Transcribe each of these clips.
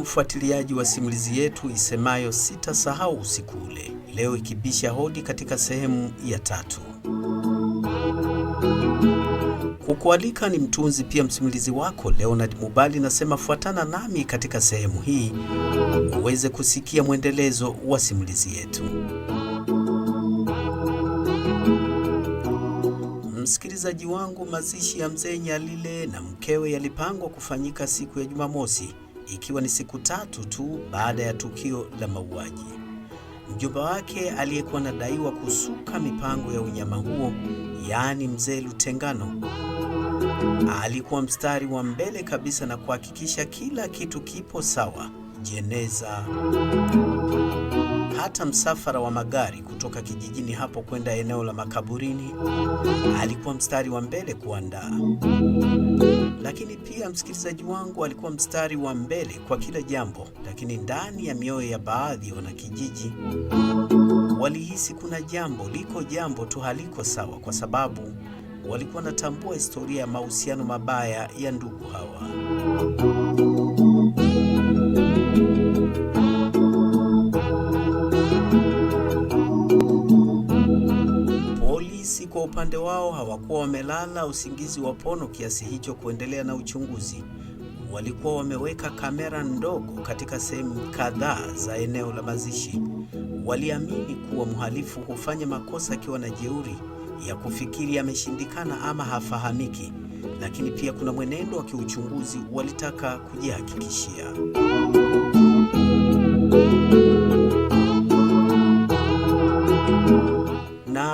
mfuatiliaji wa simulizi yetu isemayo Sitasahau Usiku Ule, leo ikibisha hodi katika sehemu ya tatu. Kukualika ni mtunzi pia msimulizi wako Leonard Mubali. Nasema fuatana nami katika sehemu hii uweze kusikia mwendelezo wa simulizi yetu. Msikilizaji wangu, mazishi ya mzee Nyalile na mkewe yalipangwa kufanyika siku ya Jumamosi, ikiwa ni siku tatu tu baada ya tukio la mauaji. Mjomba wake aliyekuwa anadaiwa kusuka mipango ya unyama huo, yaani mzee Lutengano, alikuwa mstari wa mbele kabisa na kuhakikisha kila kitu kipo sawa: jeneza, hata msafara wa magari kutoka kijijini hapo kwenda eneo la makaburini, alikuwa mstari wa mbele kuandaa lakini pia msikilizaji wangu alikuwa mstari wa mbele kwa kila jambo, lakini ndani ya mioyo ya baadhi ya wanakijiji walihisi kuna jambo, liko jambo tu haliko sawa, kwa sababu walikuwa wanatambua historia ya mahusiano mabaya ya ndugu hawa. kwa upande wao hawakuwa wamelala usingizi wa pono kiasi hicho kuendelea na uchunguzi. Walikuwa wameweka kamera ndogo katika sehemu kadhaa za eneo la mazishi. Waliamini kuwa mhalifu hufanya makosa akiwa na jeuri ya kufikiri ameshindikana ama hafahamiki, lakini pia kuna mwenendo wa kiuchunguzi walitaka kujihakikishia.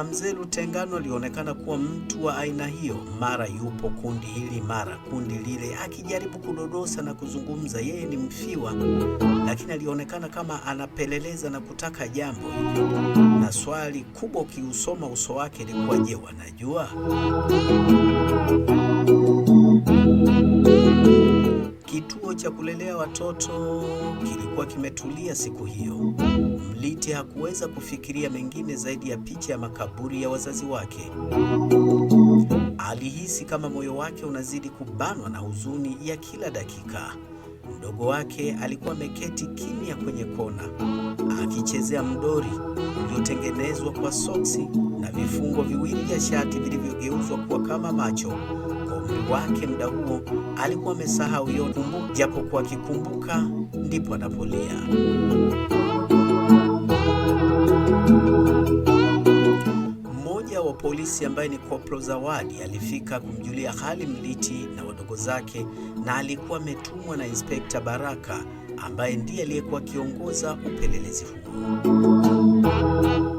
mzee Lutengano alionekana kuwa mtu wa aina hiyo, mara yupo kundi hili, mara kundi lile, akijaribu kudodosa na kuzungumza. Yeye ni mfiwa, lakini alionekana kama anapeleleza na kutaka jambo na swali kubwa ukiusoma uso wake ilikuwa je, wanajua cha kulelea watoto kilikuwa kimetulia siku hiyo. Mliti hakuweza kufikiria mengine zaidi ya picha ya makaburi ya wazazi wake. Alihisi kama moyo wake unazidi kubanwa na huzuni ya kila dakika. Mdogo wake alikuwa ameketi kimya kwenye kona akichezea mdori uliotengenezwa kwa soksi na vifungo viwili vya shati vilivyogeuzwa kuwa kama macho umri wake muda huo alikuwa amesahau yote, japokuwa akikumbuka ndipo anapolia. Mmoja wa polisi ambaye ni Koplo Zawadi alifika kumjulia hali Mliti na wadogo zake, na alikuwa ametumwa na Inspekta Baraka ambaye ndiye aliyekuwa akiongoza upelelezi huo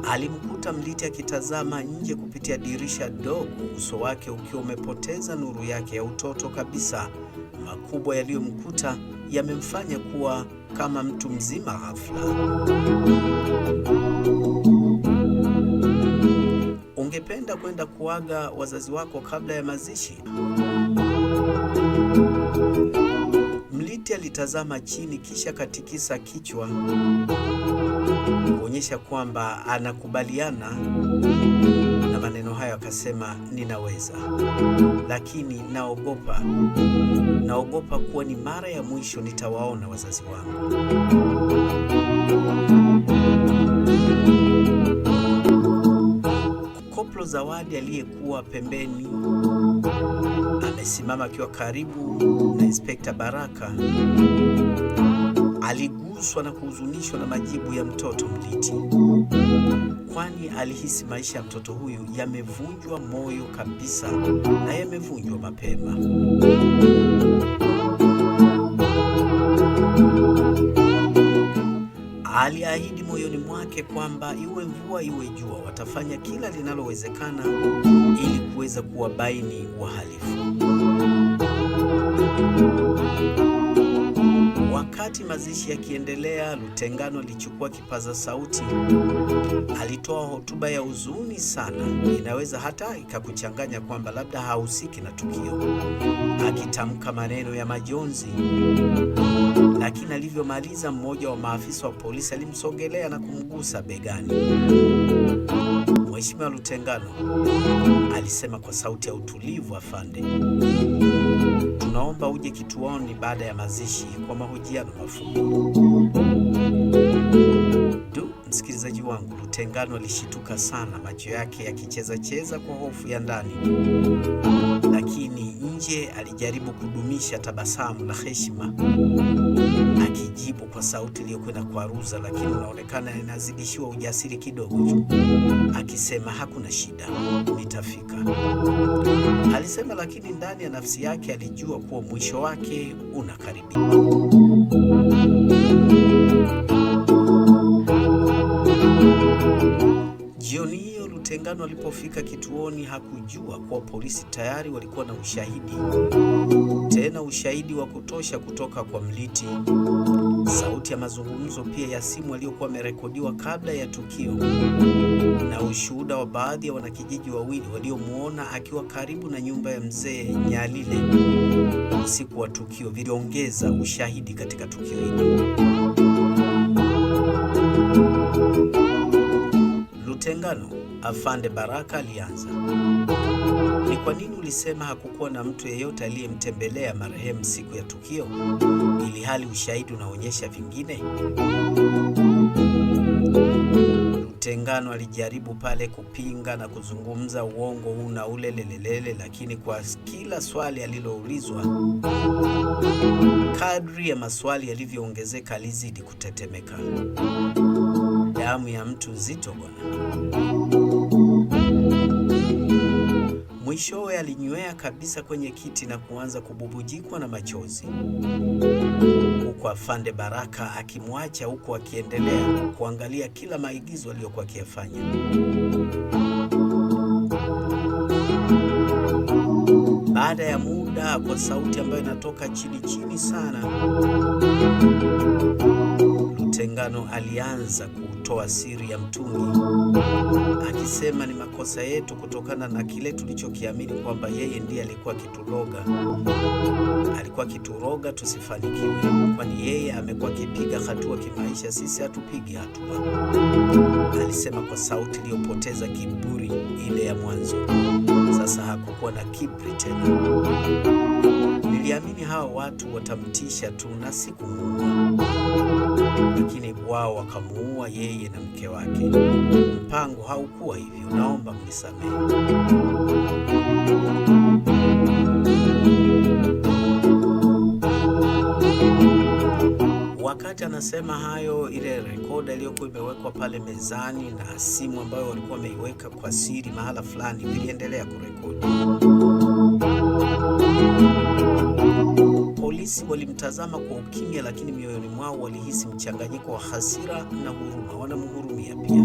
alimkuta Mliti akitazama nje kupitia dirisha dogo, uso wake ukiwa umepoteza nuru yake ya utoto kabisa. Makubwa yaliyomkuta yamemfanya kuwa kama mtu mzima ghafla. Ungependa kwenda kuaga wazazi wako kabla ya mazishi? kutazama chini kisha katikisa kichwa kuonyesha kwamba anakubaliana na maneno hayo, akasema ninaweza, lakini naogopa, naogopa kuwa ni mara ya mwisho nitawaona wazazi wangu. Koplo Zawadi aliyekuwa pembeni amesimama akiwa karibu na Inspekta Baraka. Aliguswa na kuhuzunishwa na majibu ya mtoto Mliti, kwani alihisi maisha ya mtoto huyu yamevunjwa moyo kabisa na yamevunjwa mapema. Aliahidi moyoni mwake kwamba iwe mvua iwe jua, watafanya kila linalowezekana ili kuweza kuwabaini wahalifu. Wakati mazishi yakiendelea, Lutengano alichukua kipaza sauti. Alitoa hotuba ya huzuni sana, inaweza hata ikakuchanganya kwamba labda hahusiki na tukio, akitamka maneno ya majonzi. Lakini alivyomaliza, mmoja wa maafisa wa polisi alimsogelea na kumgusa begani. Mheshimiwa Lutengano alisema kwa sauti ya utulivu, afande, tunaomba uje kituoni baada ya mazishi kwa mahojiano mafupi. Msikilizaji wangu, Lutengano alishituka sana, macho yake yakichezacheza kwa hofu ya ndani, lakini nje alijaribu kudumisha tabasamu la heshima, akijibu kwa sauti iliyokwenda kuaruza, lakini unaonekana inazidishiwa ujasiri kidogo, akisema hakuna shida, nitafika, alisema, lakini ndani ya nafsi yake alijua kuwa mwisho wake unakaribia. Jioni hiyo Lutengano alipofika kituoni hakujua kuwa polisi tayari walikuwa na ushahidi, tena ushahidi wa kutosha kutoka kwa Mliti. Sauti ya mazungumzo pia ya simu aliyokuwa amerekodiwa kabla ya tukio na ushuhuda wa baadhi ya wanakijiji wawili waliomwona akiwa karibu na nyumba ya mzee Nyalile usiku wa tukio viliongeza ushahidi katika tukio hili. Mtengano, Afande Baraka alianza. Ni kwa nini ulisema hakukuwa na mtu yeyote aliyemtembelea marehemu siku ya tukio, ili hali ushahidi unaonyesha vingine? Mtengano alijaribu pale kupinga na kuzungumza uongo huu na ule lelelele, lakini kwa kila swali aliloulizwa, kadri ya maswali yalivyoongezeka, alizidi kutetemeka damu ya mtu nzito bwana. Mwishowe alinywea kabisa kwenye kiti na kuanza kububujikwa na machozi, huku afande Baraka akimwacha huku akiendelea kuangalia kila maigizo aliyokuwa akiyafanya. Baada ya muda, kwa sauti ambayo inatoka chini chini sana Agano alianza kutoa siri ya mtungi, akisema ni makosa yetu kutokana na kile tulichokiamini kwamba yeye ndiye alikuwa kituroga, alikuwa kituroga tusifanikiwe, kwani yeye amekuwa akipiga hatua kimaisha, sisi hatupigi hatua, alisema kwa sauti iliyopoteza kiburi ile ya mwanzo. Sasa hakukuwa na kiburi tena. Niliamini hawa watu watamtisha tu na siku lakini wao wakamuua yeye na mke wake. Mpango haukuwa hivyo, naomba mnisamehe. Wakati anasema hayo, ile rekoda iliyokuwa imewekwa pale mezani na simu ambayo walikuwa wameiweka kwa siri mahala fulani, viliendelea kurekodi polisi walimtazama kwa ukimya, lakini mioyoni mwao walihisi mchanganyiko wa hasira na huruma. Wanamhurumia pia,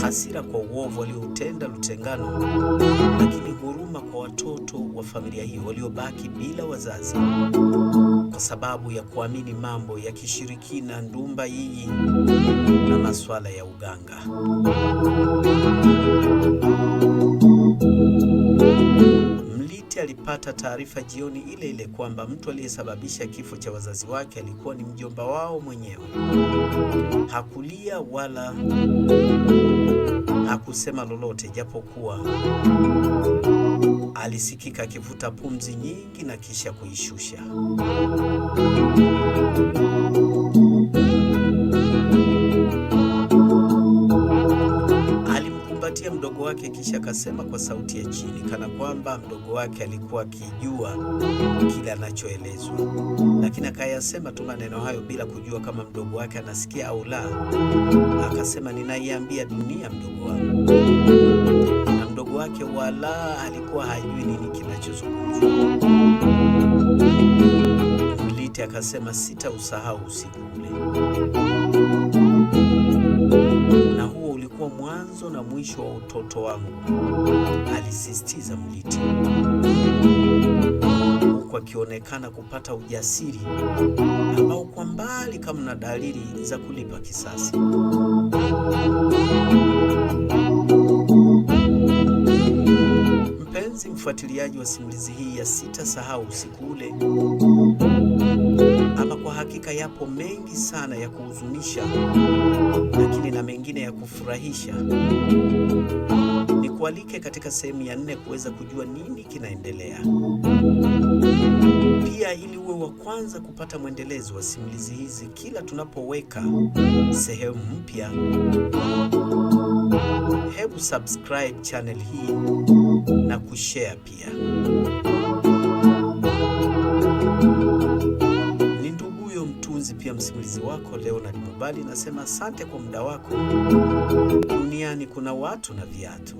hasira kwa uovu walioutenda Lutengano, lakini huruma kwa watoto wa familia hiyo waliobaki bila wazazi kwa sababu ya kuamini mambo ya kishirikina, ndumba yiyi na maswala ya uganga. Binti alipata taarifa jioni ile ile kwamba mtu aliyesababisha kifo cha wazazi wake alikuwa ni mjomba wao mwenyewe. Hakulia wala hakusema lolote, japokuwa alisikika akivuta pumzi nyingi na kisha kuishusha. mdogo wake, kisha akasema kwa sauti ya chini, kana kwamba mdogo wake alikuwa akijua kile anachoelezwa, lakini akayasema tu maneno hayo bila kujua kama mdogo wake anasikia au la. Akasema, ninaiambia dunia mdogo wangu. Na mdogo wake wala alikuwa hajui nini kinachozungumzwa. Mliti akasema, sitausahau usiku ule. mwanzo na mwisho wa utoto wangu, alisisitiza Mliti, huku akionekana kupata ujasiri ambao kwa mbali kama na dalili za kulipa kisasi. Mpenzi mfuatiliaji wa simulizi hii ya Sitasahau Usiku Ule hakika yapo mengi sana ya kuhuzunisha, lakini na mengine ya kufurahisha. Nikualike katika sehemu ya nne kuweza kujua nini kinaendelea. Pia ili uwe wa kwanza kupata mwendelezo wa simulizi hizi kila tunapoweka sehemu mpya, hebu subscribe channel hii na kushare pia pia msimulizi wako Leonard Mubali. Nasema asante kwa muda wako. Duniani kuna watu na viatu.